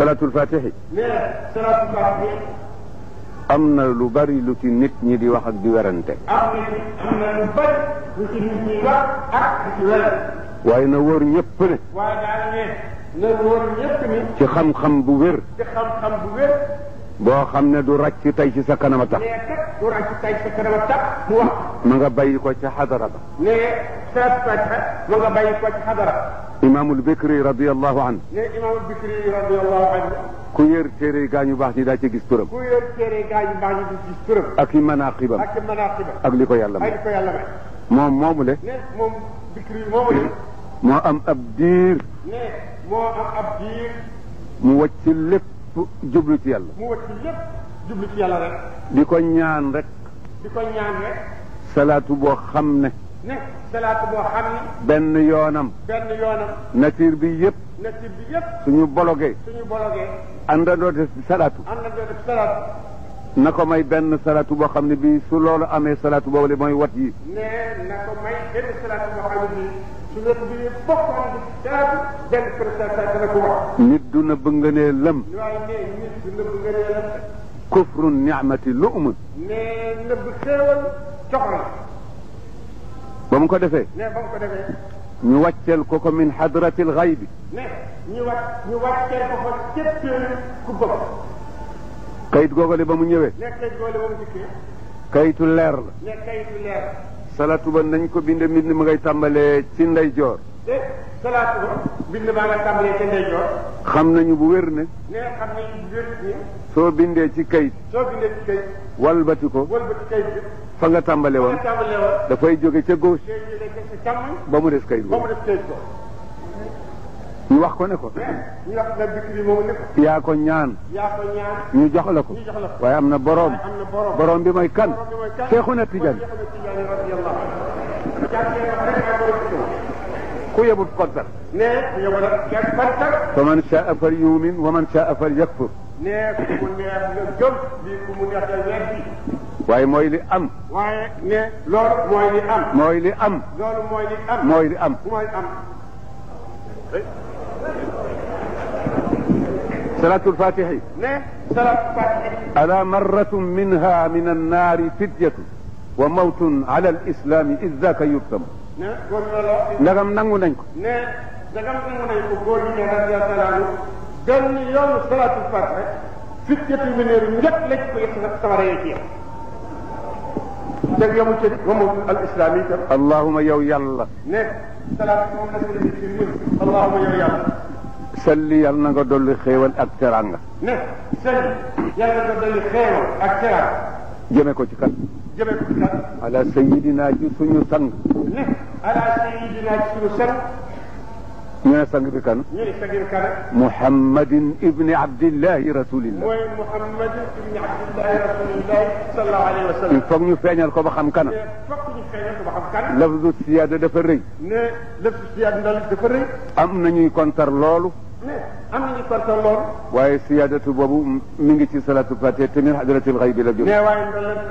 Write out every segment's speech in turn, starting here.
salaatul faatihi nee salaatul faatihi am na lu bari lu ci nit ñi di wax ak di werante am na lu bari lu ci nit ñi wax ak di ci werante waaye na wóor ñëpp ne waaye daal ne na wóor ñëpp ni ci xam-xam bu wér ci xam-xam bu wér boo xam ne du ràcc tey ci sa kanam a tax nee kat du ràcc tey ci sa kanam a tax mu wax ma nga bàyyi ko ca xadara ba. ne Salat Fatiha ma nga bàyyi ko ca xadara ba. imaamul Bikri radiyallahu anhu. ne imaamul Bikri radiyallahu anhu. ku yër téere gaa ñu baax ñi daa ci gis turam. ku yër téere gaa ñu baax ñi di gis turam. ak i manaqibam ak i manaqibam. ak li ko yàlla may ak li ko yàlla may. moom moomu le. ne moom Bikri moomu le. moo am ab diir. ne moo am ab diir. mu wàcc lépp jublu ci yàlla. mu wàcc lépp jublu ci yàlla rek. di ko ñaan rek. di ko ñaan rek. salaatu boo xam ne. ne salaatu boo xam ne. benn yoonam. benn yoonam. nature bi yëpp. nature bi yëpp. suñu bologee. suñu bologee. àndandoo def ci salaatu. àndandoo def salaatu. na may benn salaatu boo xam ne bii su loolu amee salaatu boobu mooy wat yi. ne na may benn salaatu boo xam ne bii su loolu bii bokkoon lëm. kufru ni'mati lu'um. joxoon ba mu ko defee ne ba mu ko defee ñu wàcceel ko ko min hadratil ghaybi ne ñu wàcc ñu wàcceel ko ko képp ku bëgg kayit googale ba mu ñëwee ne kayit googale ba mu dikkee kayitu leer la ne kayitu leer salatu ba nañ ko binde mbind ma ngay tàmbalee ci ndey joor te salaatu bind baa nga xam nañu bu wér ne. ne soo bindee ci kayit. soo bindee ci kayit. walbati ko. walbati fa nga tàmbale woon. fa nga tàmbale woon. dafay ba mu des kayit ba mu wax ko ne ko. ñu wax na dikk bi moom ne ko. yaa ko ñaan. yaa ko ñaan. ñu jox la ko. ñu jox la ko waaye am na boroom. am na boroom boroom bi mooy kan. boroom bi mooy kan خويا ابو القدر فمن شاء فليؤمن ومن شاء فليكفر ناس نعم، كل ما يجب لكم من نعم، يتزكي واي موي لي ام واي ني نعم، لور موي لي ام موي لي ام لور موي لي ام موي لي ام موي ام صلاة الفاتح نه صلاة الفاتح ألا مرة منها من النار فدية وموت على الإسلام إذ ذاك يرتم ne góor loolu. ndagam nangu nañ ko. ne ndagam nangu nañ ko góor ñi ne radiyallahu benn yoonu salaatul faat rek fukki at yu mel ne njëkk lañ ko yëpp nag sama rëy ci yow. teg yomul ci moom al islam yi tam. allahuma yow yàlla. ne salaatu moom la ñu ci ñun. allahuma yow yàlla. salli yàlla na nga dolli xéewal ak teraanga. ne salli yàlla na nga dolli xéewal ak teraanga. jëme ko ci kan. jëmee ko ci kan ala sayidina ci suñu sang ne ala sayidina ci suñu sang ñu ne sang bi kan ñu ne sang bi kan muhammadin ibn abdillahi rasulillah mooy muhammadin ibn abdillahi rasulillah sallallahu alayhi wa sallam foog ñu feeñal ko ba xam kana foog ñu feeñal ko ba xam kana lafzu siyaada dafa rëy ne lafzu siyaada dafa rëy am nañuy kontar loolu am nañu korte lool waaye siyaadatu boobu mi ngi ci salatu fatiha te min hadratil xayb la jóge waaye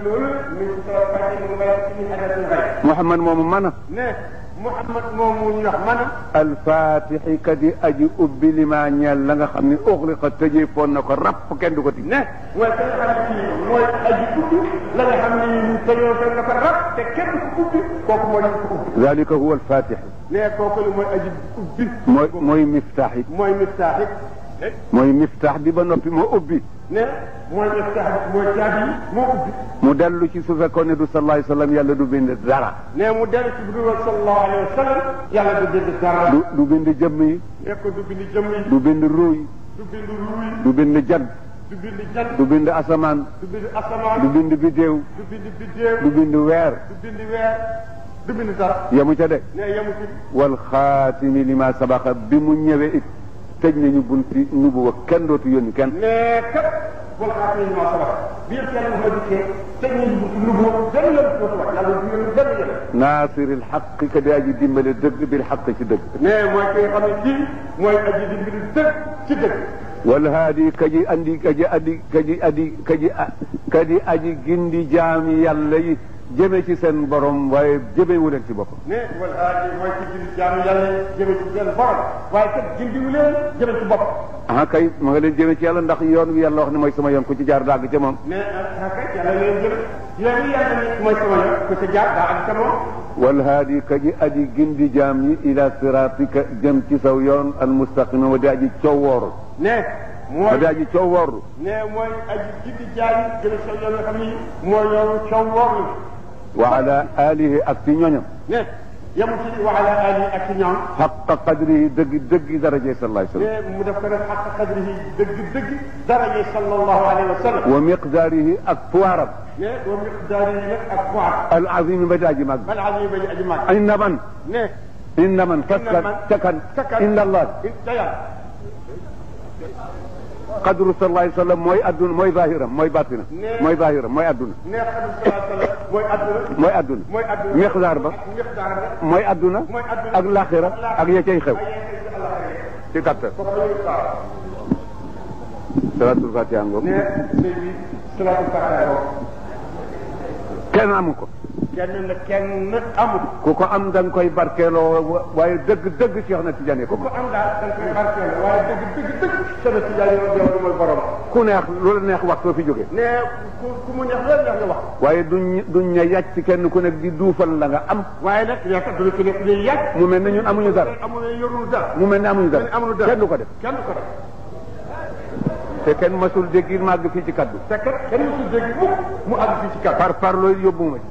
loolu mi ngi salatu fatiha mi ngi ci hadratil xayb Mouhamad moomu mën a محمد مومو نخ مانام الفاتح كدي ادي اوبي لما نيل لاغا خامي اوغلق تجي فون نكو راب كين دوكو تي نه موي ذلك هو الفاتح ليه كوكو موي ادي اوبي موي مفتاحي موي مفتاحي moy miftah bi ba nopi mo ubbi ne moy miftah moy caabi mo ubbi mu dellu ci su fekkone du sallallahu alayhi wasallam yalla du bind dara ne mu dellu ci du sallallahu alayhi wasallam yalla du bind dara du bind jëmm yi nekko du bind jëmm du bind ruuy du bind ruuy du bind jant du bind jant du bind asaman du bind asaman du bind bidéew du bind bidéew du bind wer du bind wer du bind dara yamu ca de ne yamu ci wal khatimi lima sabaqa bi mu it ناصر الحق كداجي ديمبل دك بالحق سي دك ني موي كي خامي كي موي ادي ديمبل دك سي والهادي كجي اندي كجي ادي كجي ادي كجي كدي اجي غندي جامي يالله jëme ci seen borom waaye jëmewu leen ci boppam ne wal aadi mooy ci jindi jaamu yàlla jëme ci seen borom waaye kat jindiwu leen jëme ci bopp ah kay ma nga leen jëme ci yàlla ndax yoon wi yàlla wax ne mooy sama yoon ku ci jaar dàgg ca moom ne ah kay yàlla leen jëme yoon wi yàlla ne mooy sama yoon ku ci jaar dàgg ca moom wal haadi ka ji aji gindi jaam yi ila siratika jëm ci saw yoon al mustaqima wa di aji cowooru ne mooy dafa aji coow woorlu. ne mooy aji gindi jaam yi jëme saw yoon nga xam ni mooy yoonu coow woorlu وعلى آله أك نيونيو يمسلي وعلى آله أك حق قدره دق دق درجة صلى الله عليه وسلم مدفر حق قدره دق دق درجة صلى الله عليه وسلم ومقداره أك فوارب ومقداره أك العظيم بجاج مك العظيم بجاج مك إن من إن من كسر تكن إن الله إن الله xadru sallallahu alayhi wa sallam mooy adduna mooy zahiram mooy batinam mooy zahiram mooy adduna mooy adduna mixdaar ba mooy adduna ak laxira ak ya cay xew ci kattan salaatul fatiha ngoog kenn amu ko kenn kenn amul. ku ko am da nga koy barkeeloo waaye dëgg dëgg Cheikh na Tidiane ko. ku ko am daal da nga koy barkeeloo waaye dëgg dëgg dëgg. Cheikh na Tidiane yow mooy borom. ku neex loolu neex wax soo fi jógee. ne ku ku mu neex loolu neex nga wax. waaye duñ duñ ne yàcc ci kenn ku nekk di duufal la nga am. waaye nag yaakaar du ci nekk di yàcc. mu mel ne ñun amuñu dara. amuñu yorul dara. mu mel ne amuñu dara kenn du ko def. kenn du ko def. te kenn masul dégg màgg fii ci kaddu. te kenn kenn masul dégg mukk mu àgg fii ci kaddu. par par looy yóbbu ma ci.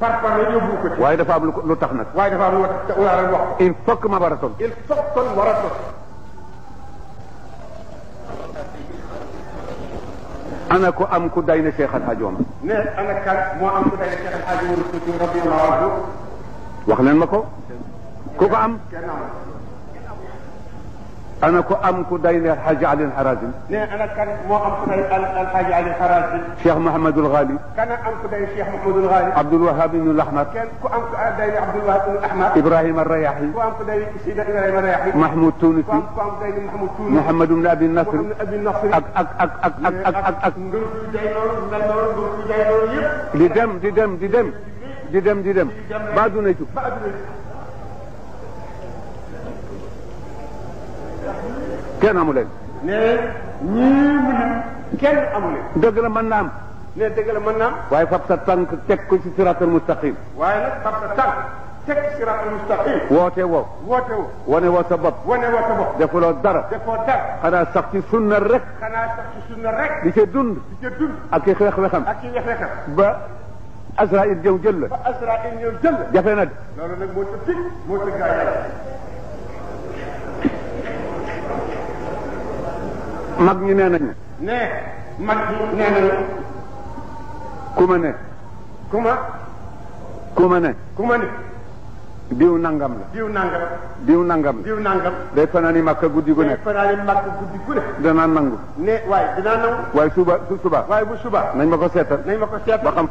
par par la yóbbu ko ci. waaye dafa am lu tax nag. waaye dafa am lu tax te ulaa wax. il faut que ma war a toll. il faut que war a toll. ana ko am ku day na Cheikh Al Hadj Omar. ne ana kan moo am ku day na Cheikh Al Hadj Omar. radiyallahu anhu. wax leen ma ko. ku ko am. kenn amul. انا كو ام كو داين الحاج علي الحراج لا انا كان مو ام كو داين الحاج علي الحراج شيخ محمد الغالي كان ام كو داين شيخ محمد الغالي عبد الوهاب بن الاحمر كان كو ام كو داين عبد الوهاب بن الاحمر ابراهيم الرياحي كو ام كو داين سيدنا ابراهيم الرياحي محمود تونسي كو ام كو داين محمود تونسي محمد بن ابي النصر محمد ابي النصر اك اك اك اك اك اك اك اك لدم لدم لدم لدم لدم بعد نيتو بعد نيتو kenn amu leen ne ñii mu lim kenn amu leen dëgg la mën naa am ne dëgg la mën naa am waaye fab sa tànk teg ko ci siratal mustaqim waaye nag fab sa tànk teg siratal mustaqim woote woo woote woo wane woo sa bopp wane woo sa bopp defuloo dara defoo dara xanaa sax ci sunna rek xanaa sax ci sunna rek di ca dund di ca dund ak i xeex wexam ak i wex wexam ba Azraïl ñëw jël la ba Azraïl ñëw jël la jafe na de loolu nag moo ca fig moo ca gaañal mag ñi nee nañu. nee mag ñi nee nañu. ku ma ne. ku ma. ku ma ne. diw nangam la. diw nangam. diw nangam. diw nangam. day fanaani makka guddi gu nekk. day fanaani makka guddi gu nekk. danaa nangu. ne waaye dinaa nangu. waaye suba su suba. waaye bu suba. nañ ma ko seetal. nañ ma ko seetal ba xam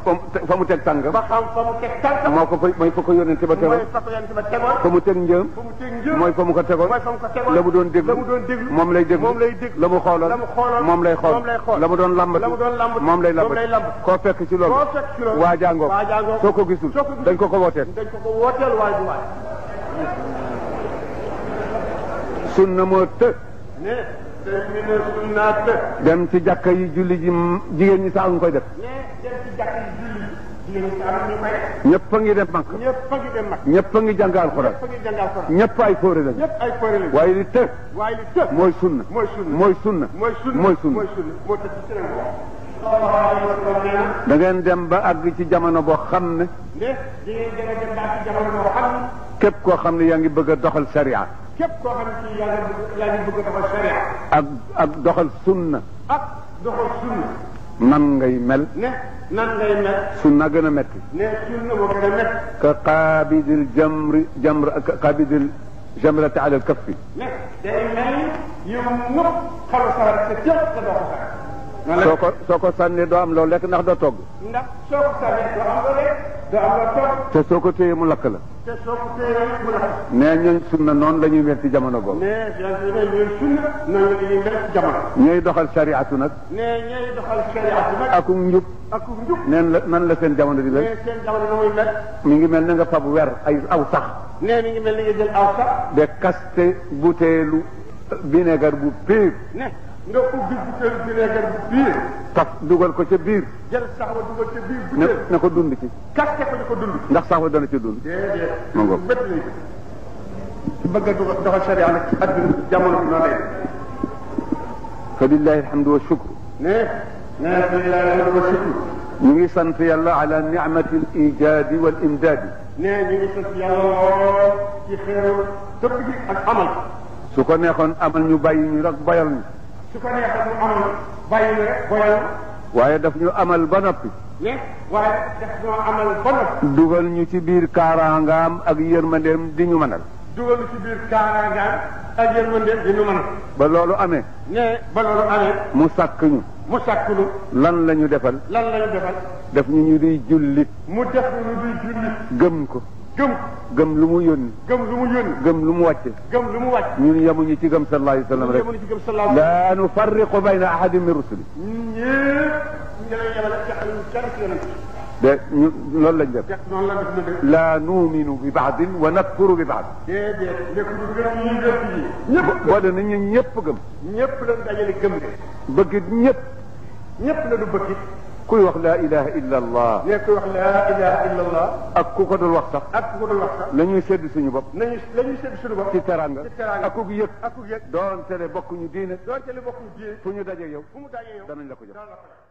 fa mu teg tànk. ba xam fa mu teg tànk. moo ko fa mooy fa ko yónnee ba tegoon. mooy fa ko yónnee ba tegoon. fa mu teg njëm. fa mu teg njëm. mooy fa mu ko tegoon. mooy fa mu ko tegoon. la mu doon déglu. la mu doon déglu. moom lay déglu. moom lay déglu. la mu xooloon. la mu xooloon. moom lay xool. moom lay xool. la mu doon lambatu. la mu doon lambatu. moom lay lambatu. moom lay lambatu. koo fekk ci loolu. koo fekk ci loolu. waa jàngoo. waa jàngoo. soo ko gisul. soo ko gisul dañ ko ko wooteel. dañ ko ko wooteel waa sunna moo të. ne terminé sunna të. dem ci jàkka yi julli ji jigéen ñi sax ñu dem ci jàkka yi julli ji jigéen ñi sax ñu koy def. ñëpp a ngi dem mag. ñëpp a ngi dem mag. ñëpp a ngi ñëpp a ngi jàng alxuraan. ñëpp ay fóore lañ. waaye li të. mooy sunna. mooy sunna mooy sunna. mooy sunna da ngeen dem ba àgg ci jamono boo xam ne. képp koo xam ne yaa ngi bëgg a doxal sariya. képp koo xam ne yaa ngi bëgg a doxal sariya. ak ak doxal sunna. ak doxal sunna. nan ngay mel. ne nan ngay mel. sunna gën a métti. ne sunna boo gën a métti. ka qaabidil jamri jamr ka qaabidil jamrati ala al kaffi. ne day mel yow ñëpp xalu sawar sa jëf sa doxal soo ko soo ko sànnee doo am loo lekk ndax doo togg. ndax soo te soo ko téyee mu lakk la. te soo ko téyee mu la. nee ñun sunna noonu la ñuy mel ci jamono googu. nee ñooy doxal sariatu nag. nee nag. akum njub. neen la nan la seen jamono di mel. nee seen jamono ngi mel na nga fab weer ay aw sax. nee mi ngi mel ni nga jël aw sax. de kaste buteelu vinaigre bu pire. nga ubbi butéel vinaigre bi biir. taf dugal ko ca biir. jël saxwa dugal ca biir butéel. na ko dund ci. kaste ko ñu ko dund. ndax saxwa dana ci dund. déedéet. ma ngoog bët lañ ko. ci bëgg a dugal doxal sharia nag ci adduna jamono bi noonu lay fa lillahi alhamdu wa shukru. ne ne fa lillahi alhamdu wa shukru. ñu ngi sant yàlla ala ni'mati al ijaadi wal imdaadi. ne ñu ngi sant yàlla lool ci xéeru tëbb gi ak amal. su ko neexoon amal ñu bàyyi ñu rek bayal ñu. su ko neexal mu amal bàyyi na rek boyal waaye daf ñu amal ba noppi. mais waaye daf ñoo amal ba noppi. dugal ñu ci biir kaaraangaam ak yërmandeem di ñu mënal. dugal ci biir kaaraangaam ak yërmandeem di ñu mënal. ba loolu amee. mais ba loolu amee. mu sàkk ñu. mu sàkk ñu. lan la defal. lan la ñu defal. def ñu ñu di jullit. mu def ñu di jullit. gëm ko. gëm gëm lu mu yónni gëm lu mu yónni gëm lu mu wàcce gëm lu mu wàcce ñun yemuñu ci gëm sallallahu alayhi wa sallam rek yemuñu ci gëm sallallahu alayhi wa sallam la nufarriqu bayna ahadin min rusuli ñun ñëpp ñu lay yemale ci xam kenn ci yonent de ñu loolu lañ def noonu la def la nuuminu bi baadin wa nakfuru bi baad déedéet nekk du gëm ñu def yi ñëpp boole nañ ñëpp gëm ñëpp lañ dajale gëm de bëgg ñëpp ñëpp la du bëgg كوي وخ لا اله الا الله نيكو لا اله الا الله اك كوكو دول وخ صاح اك دول وخ لا نيو سيد سيني بوب لا نيو لا نيو سيد سيني بوب تي تيران تي تيران اك كوكو ييك دون تيلي بوكو ني دين دون تيلي بوكو ني دين فونو داجي يوم فومو داجي يوم دان نلاكو جوف دان